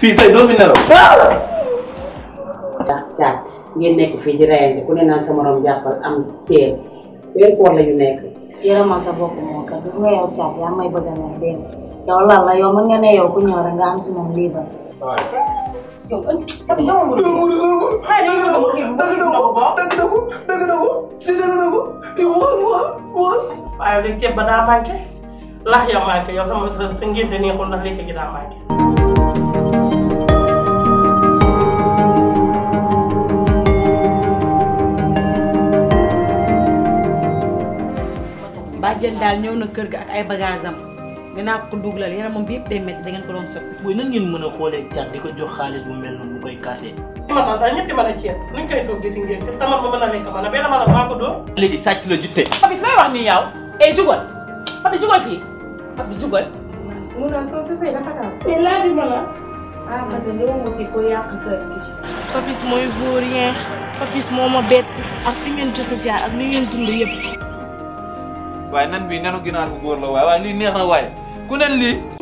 fii tey doo fi nelaw. ndax caat ngeen nekk fii di reyante ku ne naan sa morom am teel weer koor la nekk. yaramal sa bopp moo tax gis nga yow yaa may bëgg a may dégg yow lan la yow ku ñëw nga am si moom lii ba. waaw. yow ënn tamit sama mboolu. waaye léegi ceeb ba daa manqué lax ya manqué yow sama bàjjen daal ñëw na kër gi ak ay bagages am dinaa ko dugalal yaramam bi yëpp day métti da ko doon soppi. mooy nan ngeen mën a xoolee cat di ko jox xaalis bu mel noonu bu koy kàddee. ma a ceeb nañ koy toog gis ngeen a lekk ma ne benn ma la maa Papis lay wax nii yow. eh jugal Papis jugal fii Papis jugal. mu naan soo de fi ko yàq kër gi. ngeen jot a jaar ak li ngeen dund yëpp waaye nan bi nenu ginaar bu góor la waaye waaye lii neex na waaye ku nen lii